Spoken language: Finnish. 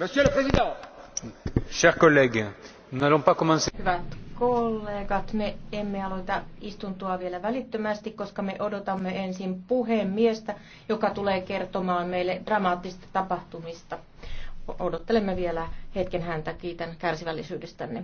Monsieur le Président. Chers collègues, nous n'allons pas commencer. kollegat, me emme aloita istuntoa vielä välittömästi, koska me odotamme ensin puhemiestä, joka tulee kertomaan meille dramaattista tapahtumista. Odottelemme vielä hetken häntä. Kiitän kärsivällisyydestänne.